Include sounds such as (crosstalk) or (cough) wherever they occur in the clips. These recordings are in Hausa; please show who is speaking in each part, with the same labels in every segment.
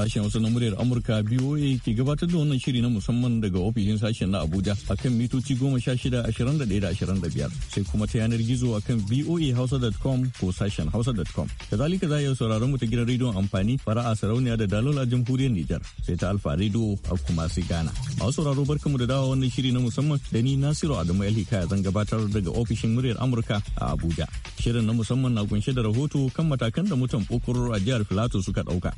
Speaker 1: Sashen wasu na muryar Amurka BOA ke gabatar da wannan shiri na musamman daga ofishin sashen na Abuja a kan mitoci goma sha shida ashirin da daya da ashirin da biyar sai kuma ta yanar gizo a kan dot voahausa.com ko sashen hausa.com. Kazalika za a iya sauraron mu ta gidan rediyon amfani a sarauniya da dalola jamhuriyar Nijar sai ta alfa rediyo a kuma sai Ghana. A wasu sauraro mu da dawa wannan shiri na musamman da ni Nasiru Adamu Ali zan gabatar daga ofishin muryar Amurka a Abuja. Shirin na musamman na kunshe da rahoto kan matakan da mutan Okoro a jihar Filato suka ɗauka.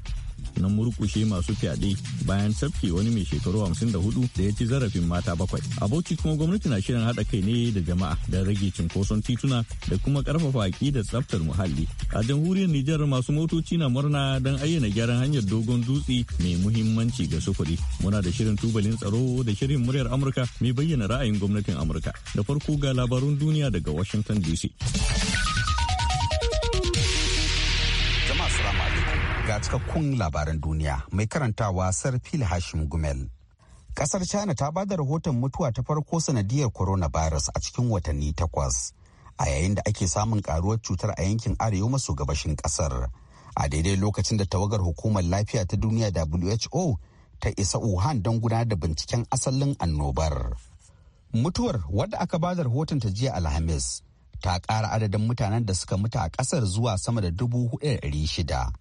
Speaker 1: na murkushe masu fyaɗe bayan tafke wani mai shekaru 54 da ya ci zarafin mata bakwai. A kuma gwamnati na shirin haɗa kai ne da jama'a da rage cunkoson tituna da kuma ƙarfafa da tsaftar muhalli. A jamhuriyar Nijar masu motoci na murna don ayyana gyaran hanyar dogon dutse mai muhimmanci ga sufuri. Muna da shirin tubalin tsaro da shirin muryar Amurka mai bayyana ra'ayin gwamnatin Amurka. Da farko ga labarun duniya daga Washington DC.
Speaker 2: cikakkun labaran duniya mai karantawa fil hashim gumel kasar china ta bada rahoton mutuwa ta farko sanadiyar coronavirus a cikin watanni takwas a yayin da ake samun karuwar cutar a yankin arewa maso gabashin kasar a daidai lokacin da tawagar hukumar lafiya ta duniya who ta isa wuhan don gudanar da binciken asalin annobar mutuwar wadda aka bada rahoton ta jiya alhamis ta kara adadin mutanen da suka mutu a kasar zuwa sama da dubu shida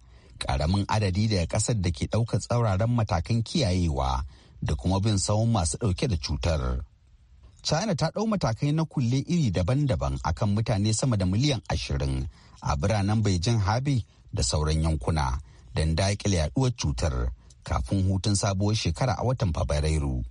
Speaker 2: karamin adadi daga kasar da ke ɗaukar tsauraran matakan kiyayewa da kuma bin sawun masu ɗauke da cutar. china ta ɗau matakai na kulle iri daban-daban akan mutane sama da miliyan ashirin a biranen beijing habi da sauran yankuna don daƙile yaduwar cutar kafin hutun sabuwar shekara a watan fabrairu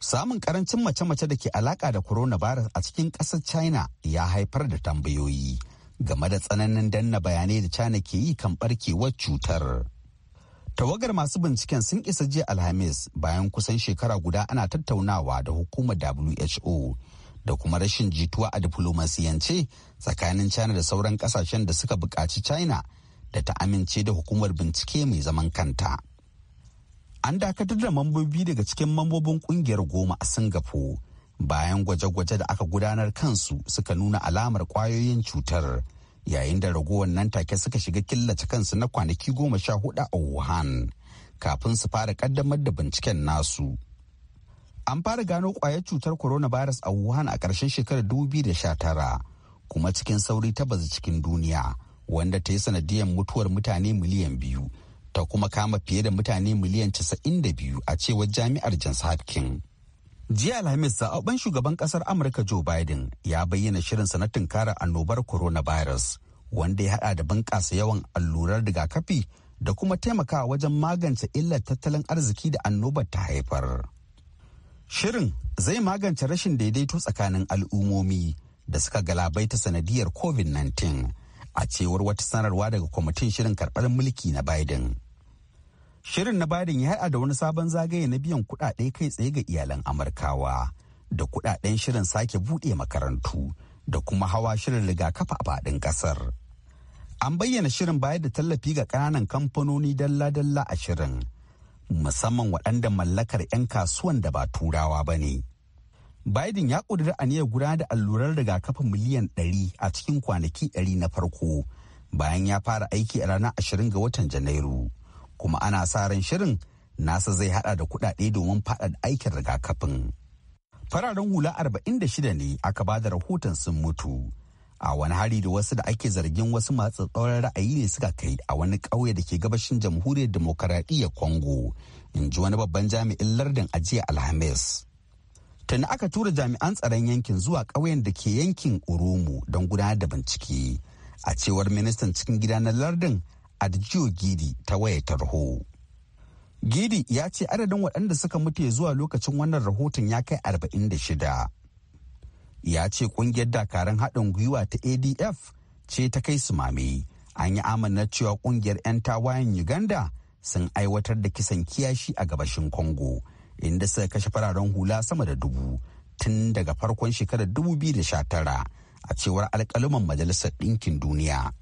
Speaker 2: samun karancin mace-mace da ke alaƙa da coronavirus a cikin ƙasar china ya haifar da tambayoyi game da tsananin danna bayanai da China ke yi kan barkewar cutar. Tawagar masu binciken sun isa jiya Alhamis bayan kusan shekara guda ana tattaunawa da hukumar WHO da kuma rashin jituwa a diflomasiyance tsakanin China da sauran kasashen da suka bukaci China da ta amince da hukumar bincike mai zaman kanta. An dakatar da mambobi daga cikin mambobin kungiyar goma a Singapore bayan gwaje-gwaje da aka gudanar kansu suka nuna alamar kwayoyin cutar yayin da ragowar nan take suka shiga killace kansu na kwanaki goma sha hudu a Wuhan kafin su fara kaddamar da binciken nasu. An fara gano kwayar cutar corona virus a Wuhan a ƙarshen shekarar 2019 kuma cikin sauri ta bazu cikin duniya wanda ta yi sanadiyar mutuwar mutane miliyan biyu ta kuma kama fiye da mutane miliyan 92 a cewar jami'ar Johns Hopkins. Jiya Alhamis zaɓaɓɓen shugaban ƙasar Amurka Joe Biden ya bayyana shirin na tunkarar annobar coronavirus wanda ya haɗa da bunƙasa yawan allurar rigakafi da kuma taimakawa wajen magance illar tattalin arziki da annobar ta haifar. Shirin zai magance rashin daidaito tsakanin al'ummomi da suka galabaita sanadiyar COVID-19 a cewar wata sanarwa daga kwamitin shirin karɓar mulki na Biden. Shirin na Biden ya haɗa da wani sabon zagaye na biyan kuɗaɗe kai tsaye ga iyalan Amurkawa da kuɗaɗen shirin sake buɗe makarantu da kuma hawa shirin rigakafa a faɗin ƙasar. An bayyana shirin bayar da tallafi ga ƙananan kamfanoni dalla-dalla a shirin, musamman waɗanda mallakar 'yan kasuwan da ba turawa ba ne. Biden ya ƙudiri aniyar gudanar da allurar rigakafa miliyan ɗari a cikin kwanaki ɗari na farko bayan ya fara aiki a ranar ashirin ga watan Janairu. kuma ana sa ran shirin nasa zai hada da kudade domin faɗaɗa aikin rigakafin. Fararen hula 46 ne aka ba da rahoton sun mutu. A wani hari da wasu da ake zargin wasu masu tsauran ra'ayi ne suka kai a wani ƙauye da ke gabashin jamhuriyar demokaradiyyar kongo. in ji wani babban jami'in lardin ajiya Alhamis. Tuni aka tura jami'an tsaron yankin zuwa ƙauyen da ke yankin Oromo don gudanar da bincike. A cewar ministan cikin gida na lardin Adjiyo Gidi ta waya tarho. Gidi ya ce adadin waɗanda suka mutu ya zuwa lokacin wannan rahoton ya kai arba'in 46. Ya ce ƙungiyar dakarun haɗin gwiwa ta ADF ce ta kai su mame. An yi amana cewa ƙungiyar 'yan tawayen Uganda sun aiwatar da kisan kiyashi a gabashin Congo, inda suka kashe fararen hula sama da dubu tun daga farkon shekarar 2019 a cewar alƙaluman Majalisar Ɗinkin Duniya.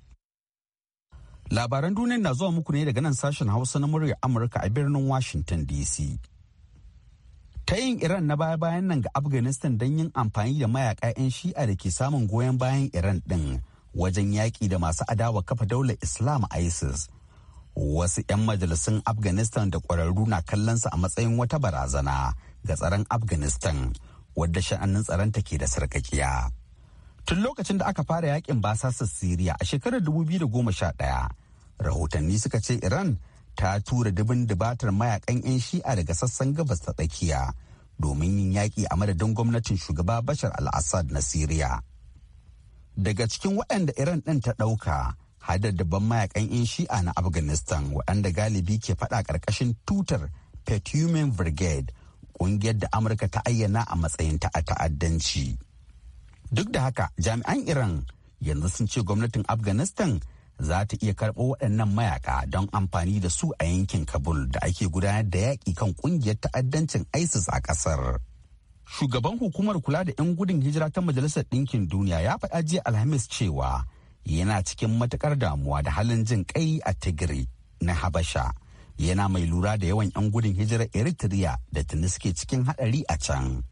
Speaker 2: Labaran duniyar na zuwa muku ne daga nan sashen Hausa na murya Amurka a birnin Washington DC. Ta yin Iran na baya-bayan nan ga Afghanistan don yin amfani da mayaka 'yan shi'a da ke samun goyon bayan Iran ɗin wajen yaƙi da masu adawa kafa daular Islam ISIS. Wasu 'yan majalisun Afghanistan da ƙwararru na kallon su a matsayin wata barazana ga tsaron Afghanistan wadda sha'anin tsaronta ke da sarƙaƙiya Tun lokacin da aka fara yakin basasar Siriya a shekarar 2011, rahotanni suka ce Iran ta tura dubin dubatar mayakan 'yan shi'a daga sassan gabas ta tsakiya domin yin yaƙi a madadin gwamnatin shugaba Bashar al-Assad na Siriya. Daga cikin waɗanda Iran ɗin ta ɗauka, hadar dabban mayakan 'yan shi'a na Afghanistan waɗanda galibi ke faɗa ƙarƙashin tutar Petumen Brigade, ƙungiyar da Amurka ta ayyana a matsayin ta ta'addanci. Duk da haka jami'an Iran yanzu sun ce gwamnatin Afghanistan za ta iya karɓo waɗannan mayaka don amfani da su a yankin Kabul da ake gudanar da yaƙi kan ƙungiyar ta'addancin ISIS a ƙasar. Shugaban hukumar kula da 'yan gudun hijira ta Majalisar Ɗinkin Duniya ya faɗa jiya Alhamis cewa yana cikin matukar damuwa da halin jin ƙai a Tigray na Habasha. Yana mai lura da yawan 'yan gudun hijirar Eritrea da Tunis ke cikin haɗari a can.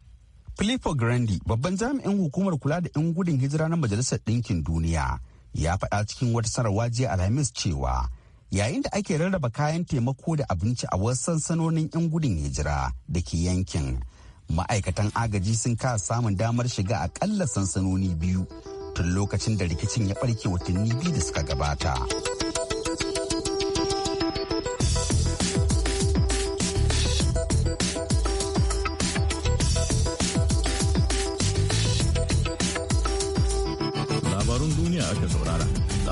Speaker 2: Filippo Grandi babban jami'in hukumar kula da 'yan gudun hijira na Majalisar Ɗinkin Duniya ya faɗa cikin wata sanarwa jiya Alhamis cewa yayin da ake rarraba kayan taimako da abinci a wasu sansanonin 'yan gudun hijira da ke yankin ma'aikatan agaji sun kasa samun damar shiga akalla sansanoni biyu tun lokacin da rikicin ya ɓarke watanni biyu da suka gabata.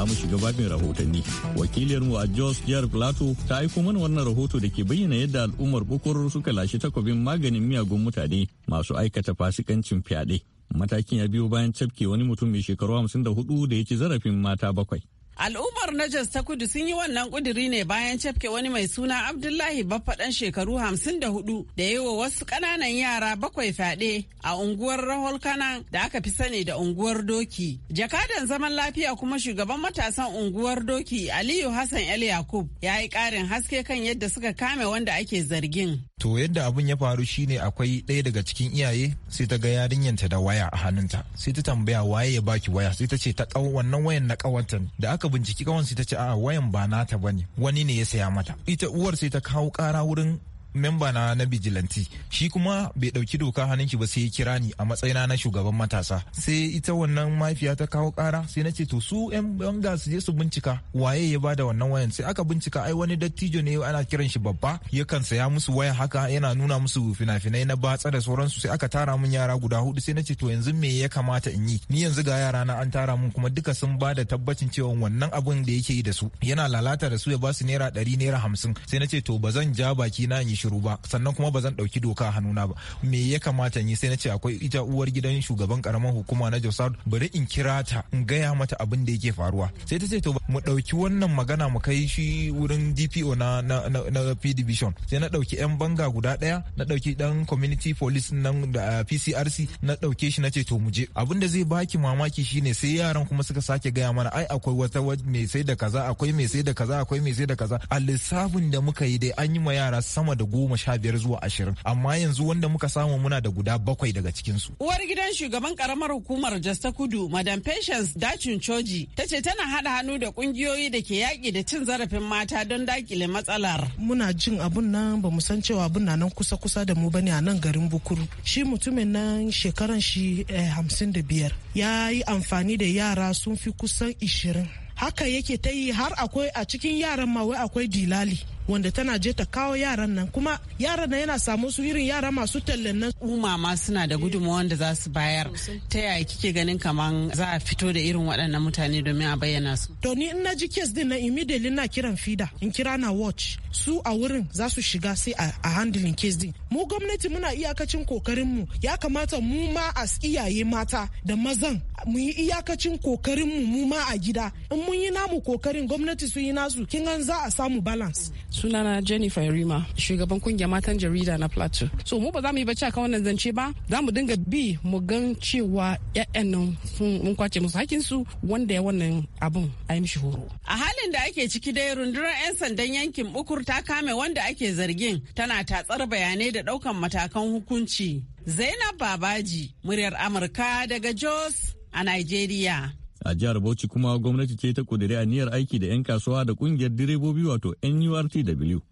Speaker 1: mu shiga babin rahotanni wakiliyarmu a jos jihar plato ta aiko mana wannan rahoto da ke bayyana yadda al'ummar bukur suka lashe takobin maganin miyagun mutane masu aikata fasikancin fyaɗe matakin ya biyo bayan cafke wani mutum mai shekaru hamsin da hudu da ya ci zarafin mata bakwai
Speaker 3: Al'ummar Najas ta kudu sun yi wannan kuduri ne bayan cafke wani mai suna Abdullahi Baffaɗan shekaru hamsin da hudu da yi wa wasu ƙananan yara bakwai fyaɗe a unguwar Rahol Kanan da aka fi sani da unguwar Doki. Jakadan zaman lafiya kuma shugaban matasan unguwar Doki Aliyu Hassan El Yakub ya yi ƙarin haske kan yadda suka kame wanda ake zargin.
Speaker 4: To yadda abun ya faru shine akwai ɗaya daga cikin iyaye sai ta ga yarinyanta da waya a hannunta sai ta tambaya waye ya baki waya sai ta ce ta wannan wayan na ƙawatan da aka binciki kawansu sai ta ce a wayan ba nata ne wani ne ya saya mata ita uwar sai ta kawo kara wurin memba na na bijilanti shi kuma bai dauki doka hannun shi ba sai ya kira ni a matsayina na shugaban matasa sai ita wannan mahaifiyata ta kawo kara sai na ce to su yan banga su je su bincika waye ya bada wannan wayan sai aka bincika ai wani dattijo ne ana kiran shi babba yakan saya musu waya haka yana nuna musu fina-finai na batsa da sauransu sai aka tara mun yara guda hudu sai na ce to yanzu me ya kamata in yi ni yanzu ga yara na an tara mun kuma duka sun bada tabbacin cewa wannan abun da yake yi da su yana lalata da su ya ba su naira ɗari naira hamsin sai na ce to ba zan ja baki na in yi shiru ba sannan kuma ba zan ɗauki doka a hannuna ba me ya kamata yi sai na ce akwai ita uwar gidan shugaban karamar hukuma na Jos bari in kira ta in gaya mata abin da yake faruwa sai ta ce to mu dauki wannan magana mu kai shi wurin DPO na na na, P division sai na ɗauki yan banga guda ɗaya na ɗauki dan community police nan da PCRC na ɗauke shi na ce to mu je abin da zai baki mamaki shine sai yaran kuma suka sake gaya mana ai akwai wata mai sai da kaza akwai mai sai da kaza akwai mai sai da kaza a lissafin da muka yi dai an yi ma yara sama da goma sha biyar zuwa ashirin amma yanzu wanda muka samu muna da guda bakwai daga cikinsu.
Speaker 3: uwar gidan shugaban karamar hukumar jasta kudu madam patience dacin coji ta ce tana haɗa hannu da ƙungiyoyi da ke yaƙi da cin zarafin mata don dakile matsalar. muna jin abun nan ba mu san cewa abun na nan kusa kusa da mu bane a nan garin bukuru shi mutumin nan shekaran shi eh, hamsin da biyar ya yi amfani da yara sun fi kusan ishirin haka yake ta yi har akwai a cikin yaran ma wai akwai dilali wanda tana je ta kawo yaran nan kuma yaran nan yana samu su irin yara masu tallan nan umma ma suna da gudunmawar wanda za su bayar ta yaya kike ganin kaman za a fito da irin waɗannan mutane domin a bayyana su to ni in na ji kes din na immediately na kiran fida in kira na watch su a wurin za su shiga sai a handling kes din mu gwamnati muna iyakacin kokarin mu ya kamata mu ma as iyaye mata da mazan mu yi iyakacin kokarin mu mu ma a gida in mun yi namu kokarin gwamnati su yi nasu kin za a samu balance sunana jennifer rima shugaban kungiyar matan jarida na plateau so mu ba za mu yi bacci akan wannan zance ba za mu dinga bi mu gan cewa ƴaƴan nan mun kwace musu hakkin su wanda ya wannan abun a yi mishi horo a halin da ake ciki dai rundunar 'yan sandan yankin bukur ta kame wanda ake zargin tana tatsar bayanai da daukan matakan hukunci zainab babaji muryar amurka daga jos a nigeria
Speaker 1: a jihar bauchi kuma gwamnati ce ta kudiri aniyar aiki da 'yan kasuwa da kungiyar direbobi wato nurtw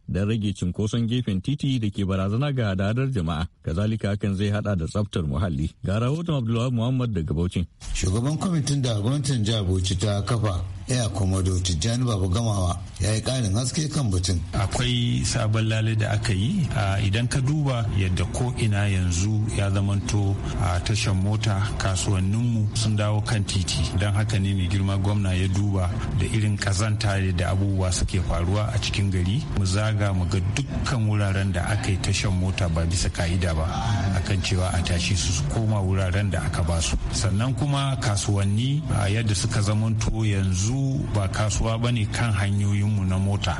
Speaker 1: don rage cinkoson gefen titi da ke barazana ga hadadar jama'a kazalika hakan zai hada da tsaftar muhalli ga rahoton abdullahi muhammad daga bauchi shugaban kwamitin da gwamnatin
Speaker 5: jihar bauchi ta kafa Air Komodo Tijjani babu Gamawa ya yi ƙarin haske kan batun.
Speaker 6: Akwai sabon lale da aka yi idan ka duba yadda ko ina yanzu ya zamanto a tashan mota kasuwanninmu sun dawo kan titi don haka ne mai girma gwamna ya duba da irin kazanta da abubuwa suke faruwa a cikin gari mu zaga mu ga dukkan wuraren da aka yi tashan mota ba bisa ka'ida ba akan cewa a tashi su koma wuraren da aka ba su sannan kuma kasuwanni yadda suka zamanto yanzu ba kasuwa ba ne kan hanyoyinmu na mota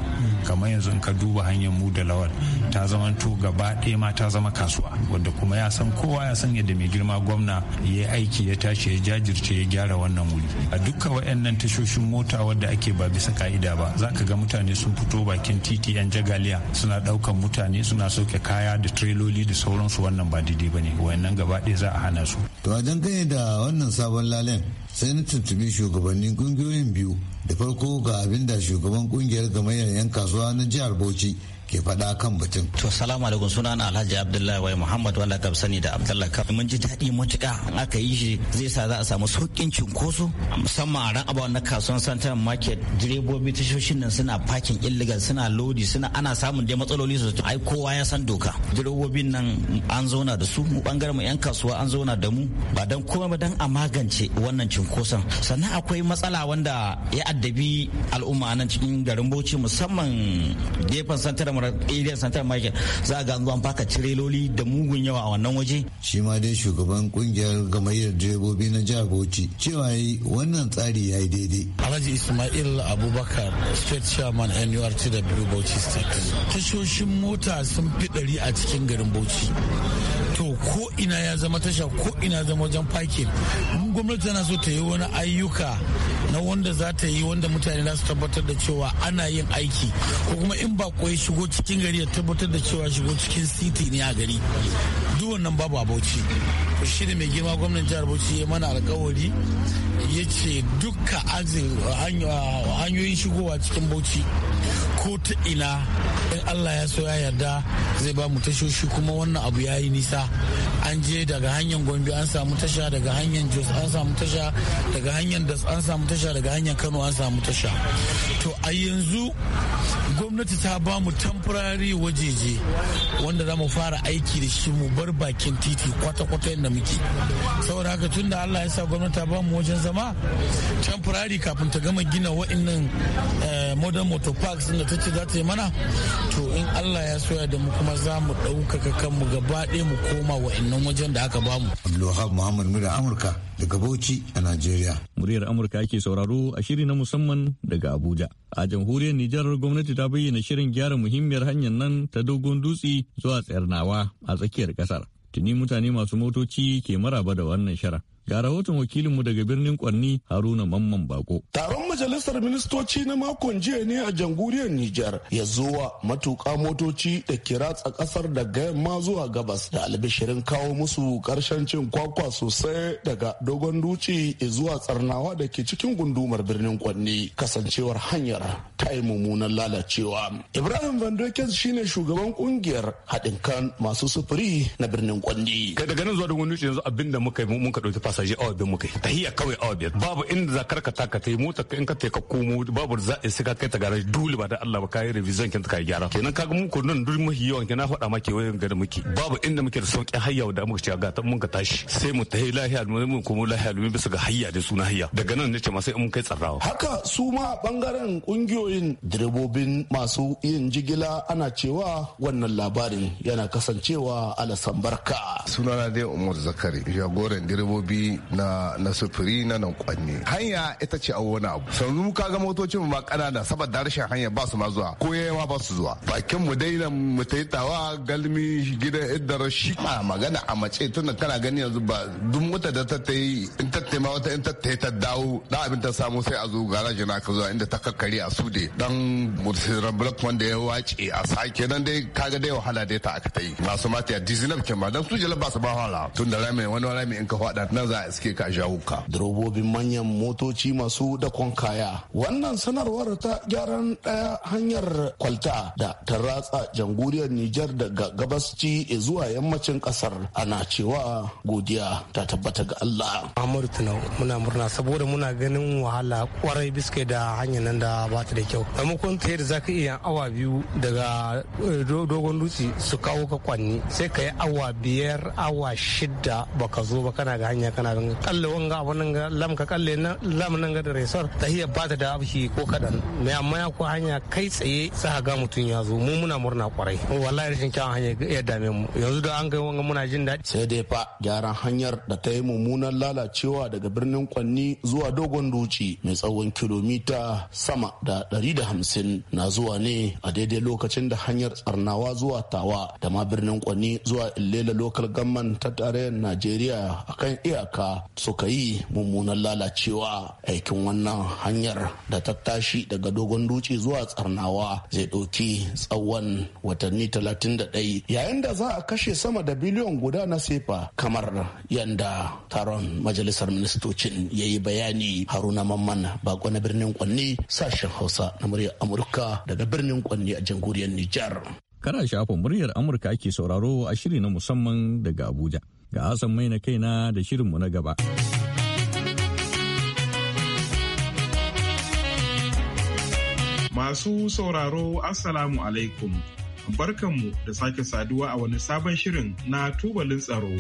Speaker 6: kamar yanzu ka duba hanyar mu da lawal ta zama to gaba ɗaya ma ta zama kasuwa wanda kuma ya san kowa ya san yadda mai girma gwamna ya aiki ya tashi ya jajirce ya gyara wannan wuri a dukka waɗannan tashoshin mota wadda ake ba bisa ka'ida ba za ka ga mutane sun fito bakin titi yan jagaliya suna ɗaukan mutane suna sauke kaya da tireloli da sauransu wannan ba daidai ba ne wayannan gaba ɗaya za a hana su
Speaker 5: to a dangane da wannan sabon lalen sai na tuntubi shugabannin kungiyoyin biyu da farko ga abin da shugaban kungiyar gamayyar 'yan kasuwa na jihar bauchi ke faɗa kan batun. To salamu alaikum suna na Alhaji Abdullahi wai Muhammad wanda ka sani da Abdullahi Kaf. Mun ji daɗi matuƙa in aka yi shi zai sa za a samu sauƙin cunkoso musamman a ran abawa na kasuwan Central Market direbobi tashoshin nan suna fakin illegal suna lodi suna ana samun dai matsaloli sosai ai kowa ya san doka. Direbobin nan an zauna da su mu bangaren mu 'yan kasuwa an zauna da mu ba dan komai ba dan a magance wannan cunkoson sannan akwai matsala wanda ya addabi al'umma nan cikin garin Bauchi musamman gefen santar al'amuran area santa market za ga an zo an faka cireloli da mugun yawa a wannan waje shi ma dai shugaban kungiyar gamayyar direbobi na jihar bauchi cewa yi wannan
Speaker 7: tsari ya yi daidai alhaji ismail abubakar state chairman nurtw bauchi state tashoshin mota sun fi dari a cikin garin bauchi to ko ina ya zama tasha ko ina zama wajen fakin in gwamnati tana so ta yi wani ayyuka na wanda za ta yi wanda mutane za su tabbatar da cewa ana yin aiki ko kuma in ba ya shigo cikin gari ya tabbatar da cewa shigo cikin city ne a gari ciwon nan babu a to shi mai girma gwamnan jihar bauchi ya mana alkawari ya ce dukka hanyoyin shigowa cikin bauchi ko ta ina in allah ya so ya yarda zai ba mu tashoshi kuma wannan abu ya yi nisa an je daga hanyar gombe an samu tasha daga hanyar jos an samu tasha daga hanyar das an samu tasha daga hanyar kano an samu tasha to a yanzu gwamnati ta ba mu temporary wajeje wanda za mu fara aiki da shi mu bar bakin titi kwata-kwata yadda muke saboda haka tun da allah ya sa gwamnati ba mu wajen zama can firari kafin ta gama gina wa'annan modern motor parks da ta ce za ta yi mana to in allah ya soya da mu kuma za mu ɗaukaka kanmu gaba ɗaya mu koma wa innan
Speaker 1: wajen da aka bamu abdulwahab muhammad murya amurka daga bauchi a nigeria. muryar amurka ake sauraro a shiri na musamman daga abuja a jamhuriyar nijar gwamnati ta bayyana shirin gyara muhimmiyar hanyar nan ta dogon dutse zuwa tsayar a tsakiyar kasar tuni mutane masu motoci ke maraba da wannan shara Ga rahoton wakilinmu daga birnin Kwanni Haruna Mamman Bako.
Speaker 8: Taron majalisar ministoci na makon jiya ne a jamhuriyar Nijar ya zuwa matuƙa motoci da kiratsa ƙasar daga yamma zuwa gabas da albishirin kawo musu ƙarshen cin kwakwa sosai daga dogon duci zuwa tsarnawa da ke cikin gundumar birnin Kwanni kasancewar hanyar ta yi mummunan lalacewa. Ibrahim Van shine shugaban kungiyar haɗin kan masu sufuri na birnin Kwanni. Kai
Speaker 1: daga nan zuwa dogon duci yanzu abinda muka yi muka ɗauki fasa wasaje awa biyar muka yi
Speaker 6: tahiya kawai awa
Speaker 1: babu inda za karkata ka ta yi mota in ka ta ka komo babu za a eh, sai ka kai ta garaji dole ba da Allah ba ka yi revision kin ta ka gyara kenan ga mu ko nan duk mahi yawan na faɗa ma ke wayan gada muke babu inda muke da sauƙin hayya da muka ci ga ta mun ka tashi sai mu tahi lahiya mu mun komo lahiya mu bisa ga hayya da suna hayya daga nan nace ma sai mun kai tsarrawa
Speaker 8: haka su ma bangaren kungiyoyin direbobin masu yin jigila ana cewa wannan labarin yana kasancewa alasan barka sunana dai Umar Zakari jagoran direbobi na na sufuri na nan kwanne hanya ita ce a wani abu sanu ka ga motocin ma kanana saboda rashin hanya ba su ma zuwa ko ma ba su zuwa bakin mu dai nan mu taitawa galmi gidan iddar shi ma magana a mace tunda kana gani yanzu ba duk mota da ta tai in ta taima wata in ta tai ta dawo da abin ta samu sai a zo garaji na ka zuwa inda ta kakkare a su de dan mursiran block wanda ya wace a sake nan dai kaga dai wahala dai ta aka tai masu mata ya dizinab ma dan su jala ba su ba wahala tunda rami wani rami in ka faɗa nan za a iske ka jawo ka durobobin manyan motoci masu dakon kaya wannan sanarwar ta gyaran daya hanyar kwalta da ta ratsa jamhuriyar nijar daga gabasci zuwa yammacin kasar ana cewa godiya ta tabbata ga allah amur muna murna saboda muna ganin wahala kwarai biske da hanyar nan da ba ta da kyau maimakon ta yadda zaka iya awa biyu daga eh, dogon dutse su kawo ka kwanni sai ka yi awa biyar awa shidda baka zo ba kana ga hanya kana ganga kalle wanga abun nan ga lam ka kalle na lam nan ga
Speaker 7: da resor tahiya ba ta da abshi ko kadan
Speaker 8: mai amma ya ko hanya kai tsaye sa ga mutun ya zo mu muna murna kwarai wallahi rashin kyawun hanya ya dame mu yanzu da an ga wanga muna jin dadi sai dai fa gyaran hanyar da ta yi mummunan lalacewa daga birnin Kwanni zuwa Dogon doci mai tsawon kilomita sama da 150 na zuwa ne a daidai lokacin da hanyar tsarnawa zuwa Tawa da ma birnin Kwanni zuwa Illela Local Government ta tarayyar Najeriya akan iya. iyaka suka yi mummunan lalacewa aikin wannan hanyar da ta tashi daga dogon dutse zuwa tsarnawa zai ɗauki tsawon watanni 31 yayin da za a kashe sama da biliyon guda na sefa kamar yanda taron majalisar ministocin ya yi bayani haruna mamman bako na birnin kwanni sashen hausa na muryar amurka daga birnin kwanni a jamhuriyar
Speaker 1: nijar kana shafin muryar amurka ake sauraro a shiri na musamman daga abuja Ga Hassan mai na kaina da shirinmu na gaba. Masu sauraro Assalamu
Speaker 9: alaikum. Barkanmu da sake saduwa a wani sabon shirin na tubalin tsaro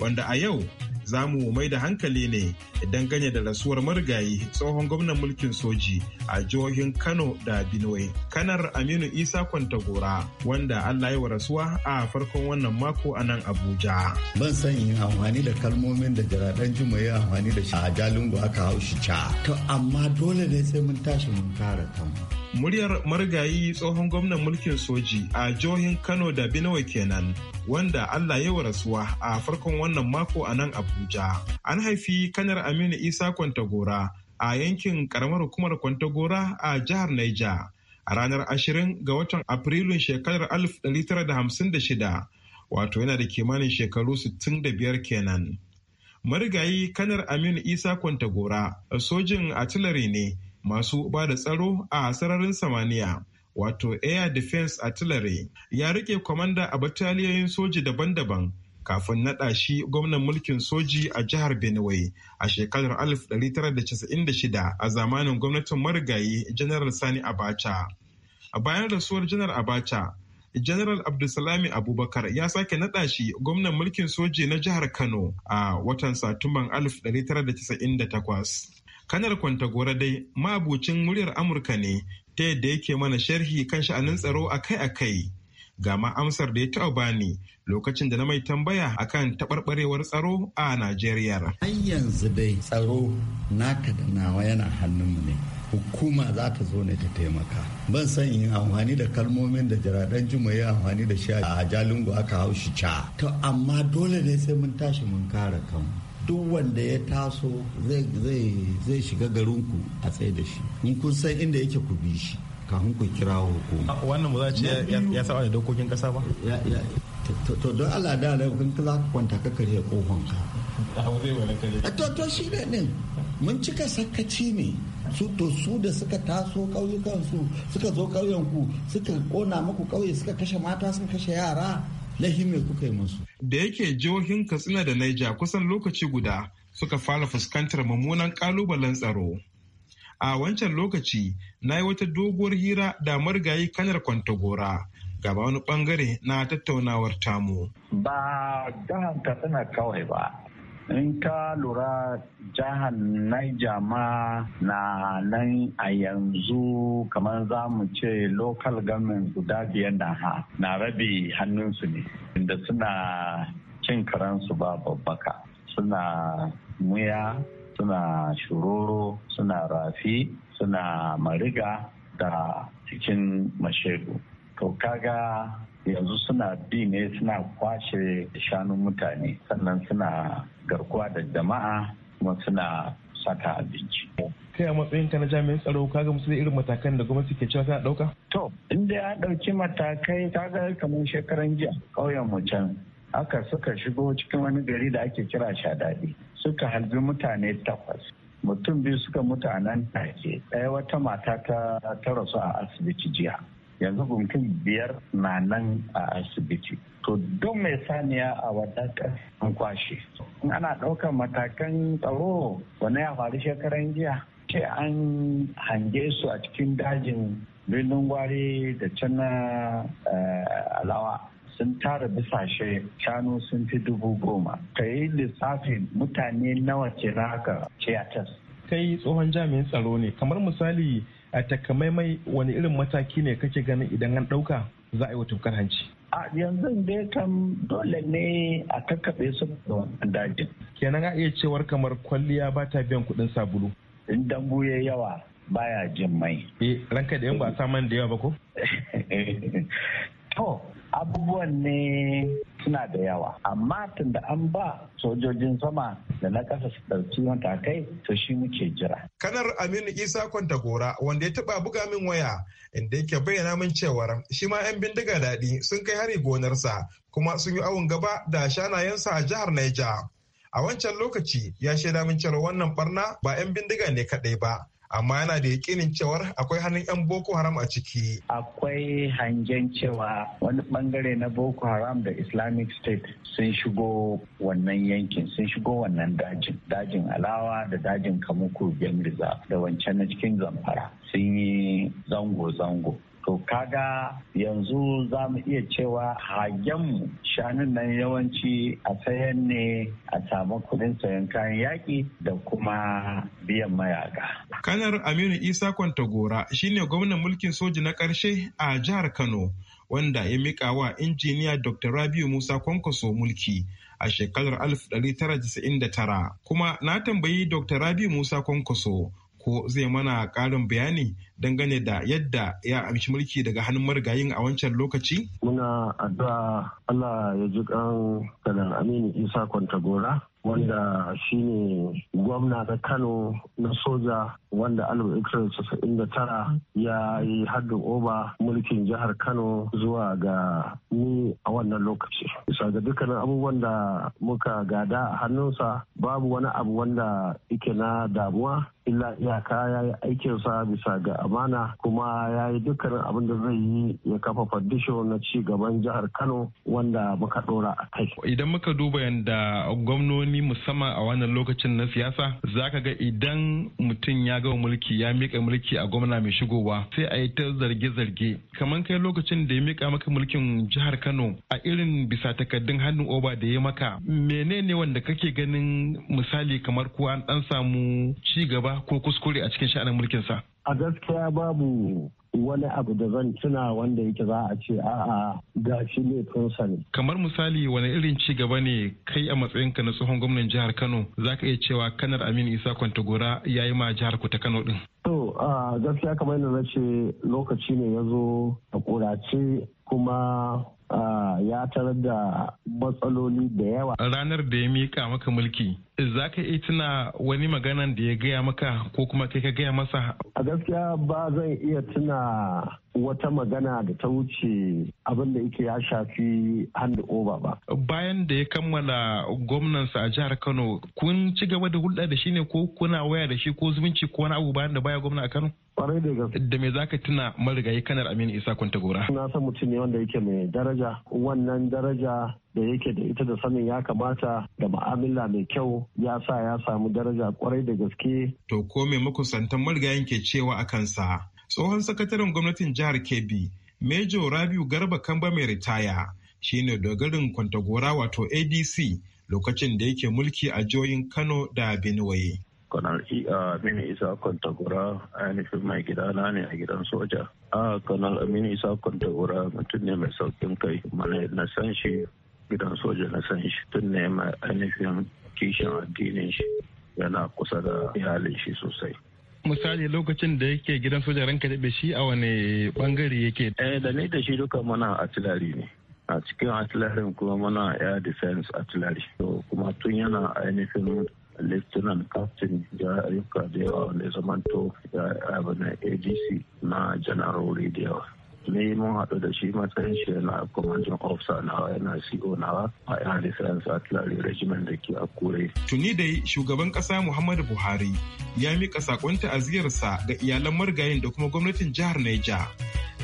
Speaker 9: wanda a yau za mu mai da hankali ne ganye da rasuwar marigayi tsohon gwamnan mulkin soji a jihohin kano da benue kanar aminu isa kwantagora wanda allah yi wa rasuwa a farkon wannan mako a nan abuja ban san yin amfani da kalmomin da jaraɗan juma ya amfani da shi a jalingo aka haushi ca to
Speaker 5: amma dole ne sai mun tashi mun kare kan
Speaker 9: muryar marigayi tsohon gwamnan mulkin soji a jihohin kano da benue kenan wanda allah yi wa rasuwa a farkon wannan mako a nan abuja Abuja. An haifi kanar Aminu Isa Kwantagora a yankin karamar hukumar Kwantagora a jihar Naija. A ranar ashirin ga watan Afrilun shekarar 1956, wato yana da kimanin shekaru 65 kenan. Marigayi kanar Aminu Isa Kwantagora, sojin artillery ne masu ba da tsaro a sararin samaniya. wato air defense artillery ya rike kwamanda a bataliyoyin soji daban-daban kafin naɗa shi gwamnan mulkin soji a jihar Benue a shekarar 1996 a zamanin gwamnatin marigayi General Sani Abacha. A bayan rasuwar Janar Abacha, General Abdulsalami Abubakar ya sake naɗa shi gwamnan mulkin soji na jihar Kano a watan Satumban 1998. Kanar Kwantagora dai ma'abucin muryar Amurka ne ta yadda yake mana sharhi kan sha'anin tsaro akai-akai. ga ma amsar da ya taɓa bani lokacin da na mai tambaya akan taɓarɓarewar tsaro a Najeriya. Har yanzu dai tsaro naka da nawa yana
Speaker 5: hannunmu ne. Hukuma za ta zo ne ta taimaka. Ban san in amfani da kalmomin da jiraɗan jima ya amfani da shi a jalingo aka hau shi ca. To amma dole ne sai mun tashi mun kare kanmu. duk wanda ya taso zai shiga garinku a tsaye da shi in kun san inda yake ku bi shi kafin ku kira hukuma
Speaker 9: wannan ba za ce ya saba da dokokin kasa ba
Speaker 5: to don Allah da rai kun za ku kwanta ka karye kofan
Speaker 9: ka
Speaker 5: to to shi ne ne mun cika sakaci ne su to su da suka taso kauyukan su suka zo ƙauyen ku suka kona muku ƙauye suka kashe mata sun kashe yara lahi me kuka yi musu
Speaker 9: da yake jihohin Katsina da Niger kusan lokaci guda suka fara fuskantar mummunan kalubalen tsaro a wancan lokaci na yi wata doguwar hira da marigayi kanar kwantagora gaba wani bangare na tattaunawar tamu. Ba jihar tana kawai ba. In ka lura jihar Niger ma
Speaker 5: na nan a yanzu kamar za mu ce local government guda biyar da ha na rabi hannunsu ne inda suna cin karansu ba babbaka suna muya suna shiroro suna rafi suna mariga da cikin mashego. to kaga yanzu suna bi ne suna kwashe shanun mutane sannan suna garkuwa da jama'a kuma suna saka abinci.
Speaker 9: kai a matsayin ka na jami'in tsaro ka ga musu irin matakan da gwamnati ke cewa tana dauka? to inda ya dauki
Speaker 5: matakai kaga kamar shekaran jiya ƙauyen mu can aka
Speaker 9: suka shigo cikin wani
Speaker 5: gari da ake kira shadadi suka halbi mutane takwas mutum biyu suka mutu a nan take ɗaya wata mata ta rasu a asibiti jiya yanzu gunkin biyar na nan a asibiti to duk mai saniya a wadatar an kwashe ana ɗaukar matakan tsaro wani ya faru shekaran jiya ce an hange su a cikin dajin birnin gwari da can na eh, alawa sun tara bisashe shanu sun fi dubu goma ka yi lissafin mutane nawa ce na haka ciyatas
Speaker 9: kai tsohon jami'in tsaro ne kamar misali a takamaimai wani irin mataki ne kake ganin idan an ɗauka za a yi wa tufkar hanci a yanzu dai kam dole ne a kakkaɓe su da wannan dajin kenan a iya cewar kamar kwalliya ba ta biyan kuɗin sabulu in dambu ya yawa baya jin mai eh ranka da yan ba saman da yawa ba ko (laughs)
Speaker 5: to abubuwan ne suna da yawa amma tunda an ba sojojin sama da na kasa su ɗauki matakai to shi muke jira.
Speaker 9: kanar aminu isa kwantagora wanda ya taba buga min waya inda yake bayyana min cewar shi ma 'yan bindiga daɗi sun kai hari gonarsa kuma sun yi awon gaba da shanayensa a jihar naija a wancan lokaci ya shaida min cewa wannan barna ba 'yan bindiga ne kaɗai ba amma yana da yakinin cewar akwai hannun 'yan boko haram a ciki akwai hangen
Speaker 5: cewa wani bangare na boko haram da islamic state sun shigo wannan yankin sun shigo wannan dajin dajin alawa da dajin kamuku gemriza da wancan na cikin zamfara sun yi zango-zango To kaga yanzu za mu iya cewa hagen mu shanun nan yawanci a sayan
Speaker 9: ne a samu kudin sayan kayan yaƙi da kuma biyan mayaka. Kanar Aminu Isa Kwantagora shine gwamnan mulkin soji na ƙarshe a jihar Kano wanda ya miƙa wa injiniya Dr. Rabiu Musa Kwankwaso mulki a shekarar 1999 kuma na tambayi Dr. Rabiu Musa Kwankwaso ko zai mana karin bayani dangane da yadda ya amshi mulki daga hannun marigayin a wancan lokaci? Muna addu'a Allah ya ji kan kanan Aminu Isa
Speaker 10: Kwantagora wanda shi ne gwamna na Kano na soja wanda tara ya yi haddin oba mulkin jihar Kano zuwa ga ni a wannan lokaci. Bisa ga dukkanin abubuwan da muka gada a hannunsa babu wani abu wanda yake na damuwa illa iyaka ya yi aikinsa bisa ga amana kuma ya yi dukkanin abin da zai yi ya kafa fadisho na ci gaban jihar kano wanda muka dora a
Speaker 9: kai idan muka duba yadda gwamnoni musamman a wannan lokacin na siyasa zaka ga idan mutum ya gama mulki ya mika mulki a gwamna mai shigowa sai a yi ta zarge-zarge kamar kai lokacin da ya mika maka mulkin jihar kano a irin bisa takaddun hannun oba da ya maka menene wanda kake ganin misali kamar kuwa an dan samu ci gaba ko kuskure a cikin sha'anin sa.
Speaker 10: A gaskiya babu wani abu da zan tuna wanda yake za a ce a'a ga shi ne ne.
Speaker 9: Kamar misali wani irin ci gaba ne kai a matsayinka na tsohon gwamnan jihar Kano za ka iya cewa kanar Aminu Isa Kwantagora ya yi ma jihar ku ta Kano din.
Speaker 10: To gaskiya kamar yadda na ce lokaci ne ya zo a kurace kuma ya tarar da matsaloli da yawa.
Speaker 9: Ranar da ya mika maka mulki, za ka iya tuna wani maganan da ya gaya maka ko kuma kai ka gaya masa?
Speaker 10: A gaskiya ba zai iya tuna wata magana da ta wuce abin da yake ya shafi hand over ba.
Speaker 9: Bayan da ya kammala gwamnansa a jihar Kano, kun ci gaba da hulɗa da shi ne ko kuna waya da shi ko zumunci ko wani abu bayan da baya gwamna a Kano? kwarai da gaske. Da me zaka tuna marigayi kanar Aminu Isa gora? Na san mutum
Speaker 10: ne wanda yake mai daraja, wannan daraja da yake da ita da sanin ya kamata da
Speaker 9: ma'amala mai kyau ya sa ya samu daraja kwarai da gaske. To ko me makusantan marigayin ke cewa a kansa? tsohon sakataren gwamnatin jihar kebbi mejo rabiu garba kamba mai ritaya shine dogarin kwantagora wato adc lokacin da yake mulki a jihohin kano da benue kanar eh, uh, aminu isa kwantagora ainihin mai gidana ne a gidan soja a ah, kanar aminu isa kwantagora
Speaker 10: mutum ne mai saukin kai mana na san shi gidan soja na san shi tun ne mai ainihin kishin addinin shi yana kusa da iyalin shi sosai
Speaker 9: misali lokacin da yake gidan sojan ranka da shi a wani bangare yake eh da ni da shi duka
Speaker 10: muna artillery ne a cikin artillery kuma muna air defense artillery to kuma tun yana ainihin lieutenant captain ya ayyuka da yawa wanda ya zamanto ya abin adc na janarori da yawa yi mun haɗu da shi matsayin shi yana commanding officer nawa yana CO nawa a yana defense artillery regiment
Speaker 9: da ke a kure. Tuni dai shugaban ƙasa Muhammadu Buhari ya miƙa saƙon ta'aziyarsa ga iyalan margayin da kuma gwamnatin jihar Niger.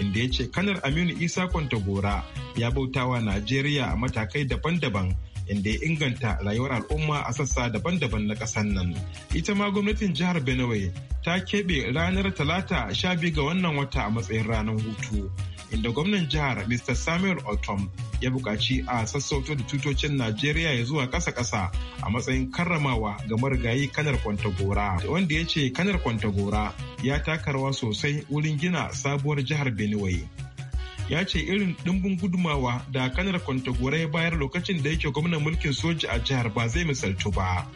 Speaker 9: Inda ya ce kanar Aminu Isa Kwantagora ya bautawa Najeriya a matakai daban-daban inda ya inganta rayuwar al'umma a sassa daban-daban na ƙasar nan. Ita ma gwamnatin jihar Benue ta keɓe ranar talata sha biyu ga wannan wata a matsayin ranar hutu inda gwamnan jihar mr samuel otom ya buƙaci a sassauto da tutocin najeriya ya zuwa ƙasa-ƙasa a matsayin karramawa ga marigayi kanar kwantagora wanda ya ce kanar kwantagora ya taka rawa sosai wurin gina sabuwar jihar benue ya ce irin ɗimbin gudumawa da kanar kwantagora ya bayar lokacin da yake gwamnan mulkin soja a jihar ba zai misaltu ba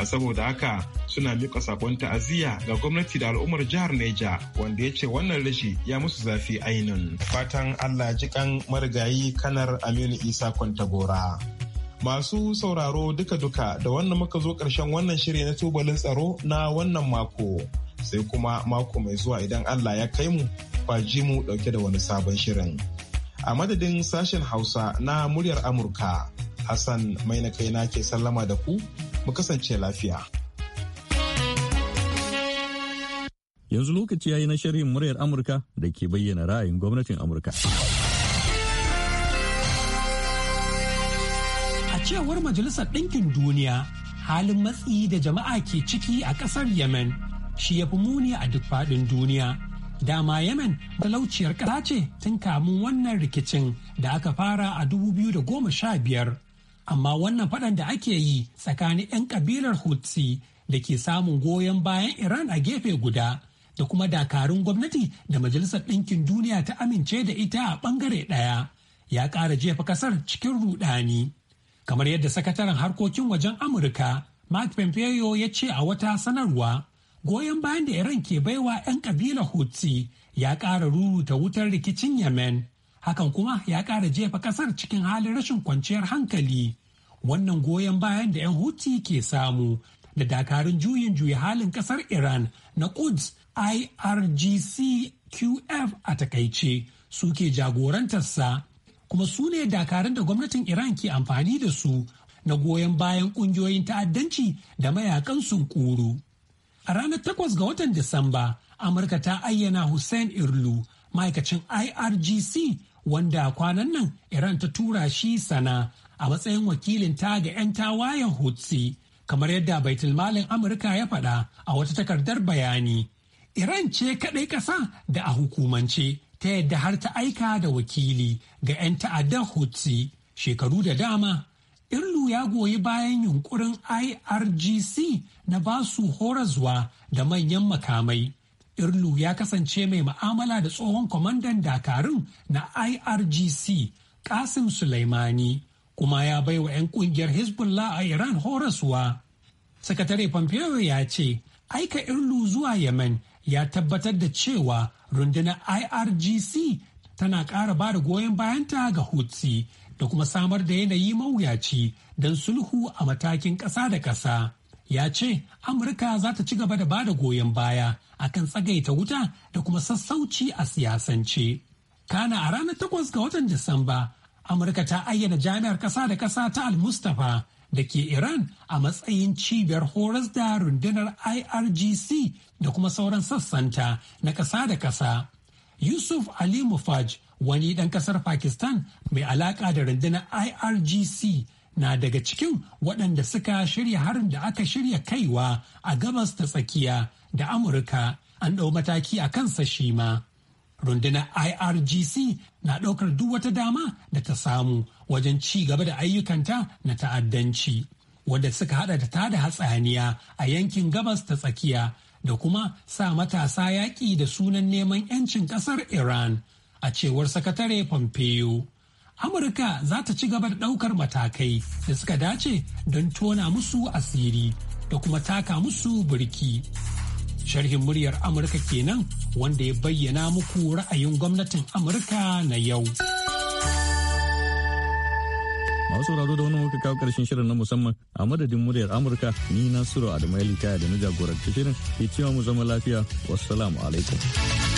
Speaker 9: a saboda haka suna miƙa sakon ta'aziyya ga gwamnati da al'ummar jihar Neja wanda ya ce wannan rashi ya musu zafi ainihin Fatan Allah jikan marigayi kanar Aminu Isa Kwantagora. Masu sauraro duka-duka da wannan muka zo ƙarshen wannan shiri na tubalin tsaro na wannan mako. Sai kuma mako mai zuwa idan Allah ya kai mu kwaji mu ɗauke da wani sabon shirin. A madadin sashen Hausa na muryar Amurka, Hassan mai na kai na ke sallama
Speaker 1: da ku mu kasance lafiya. Yanzu lokaci ya yi na sharhin muryar Amurka da ke bayyana ra'ayin gwamnatin Amurka.
Speaker 6: A cewar Majalisar Ɗinkin Duniya, halin matsi da jama'a ke ciki a ƙasar Yemen shi ya fi muni a duk faɗin duniya. Dama Yemen talauciyar ƙasa ce tun kamun wannan rikicin da aka fara a 2015. amma wannan faɗan da ake yi tsakanin 'yan kabilar hutsi da ke samun goyon bayan iran a gefe guda da kuma dakarun gwamnati da majalisar ɗinkin duniya ta amince da ita a ɓangare ɗaya ya ƙara jefa ƙasar cikin rudani kamar yadda sakataren harkokin wajen amurka mark pompeo ya ce a wata sanarwa goyon bayan da iran ke baiwa 'yan kabilar hutsi ya ƙara ruruta wutar rikicin yemen hakan kuma ya ƙara jefa ƙasar cikin halin rashin kwanciyar hankali wannan goyon bayan da 'yan huti ke samu da dakarun juyin juya halin kasar iran na quds irgc qf a takaice suke jagorantarsa kuma su ne dakarun da gwamnatin iran ke amfani da su na goyon bayan kungiyoyin ta'addanci da mayakan sunkuru a ranar takwas ga watan disamba amurka ta ayyana hussein irlu ma'aikacin irgc wanda kwanan nan iran ta tura shi sana a matsayin wakilin ta ga 'yan tawayen Hutsi, kamar yadda baitulmalin Amurka ya faɗa a wata takardar bayani. Iran ce kaɗai ƙasa da a hukumance ta yadda har ta aika da wakili ga 'yan ta'addar Hutsi shekaru da dama. Irlu ya goyi bayan yunkurin IRGC na basu horazwa da manyan makamai. Irlu ya kasance mai ma'amala da tsohon kwamandan dakarun na IRGC Kasim Sulaimani kuma ya bai wa 'yan kungiyar hezbollah a iran horaswa sakatare pompeo ya ce aika irlu zuwa yemen ya tabbatar da cewa rundunar irgc tana ƙara ba da goyon bayanta ga hutsi da kuma samar da yanayi mawuyaci don sulhu a matakin ƙasa da ƙasa ya ce amurka za ta ci gaba da ba da goyon baya akan tsagaita wuta da kuma sassauci a siyasance kana a ranar takwas ga watan disamba amurka ta ayyana jami'ar ƙasa da ƙasa ta al-mustapha da ke iran a matsayin cibiyar horas da rundunar irgc da kuma sauran sassanta na ƙasa da ƙasa yusuf ali mufaj wani ɗan ƙasar pakistan mai alaƙa da rundunar irgc na daga cikin waɗanda suka shirya harin da aka shirya kaiwa a gabas ta tsakiya da amurka an ɗau mataki a kansa shima. rundunar irgc na ɗaukar duk wata dama da ta samu wajen ci gaba da ayyukanta na ta'addanci wadda suka hada da tada hatsaniya a yankin gabas ta tsakiya da kuma sa matasa yaƙi da sunan neman 'yancin ƙasar iran a cewar sakatare pompeo amurka za ta ci gaba da ɗaukar matakai da suka dace don tona musu asiri da kuma taka musu birki. Sharhin muryar Amurka kenan wanda ya bayyana muku ra'ayin gwamnatin Amurka na yau.
Speaker 1: Masu sauraro da wani muka kawo karshen shirin na musamman a madadin muryar Amurka ni Nasiru Adamu Elikaya da na jagoranci shirin ke cewa mu zama lafiya wassalamu alaikum.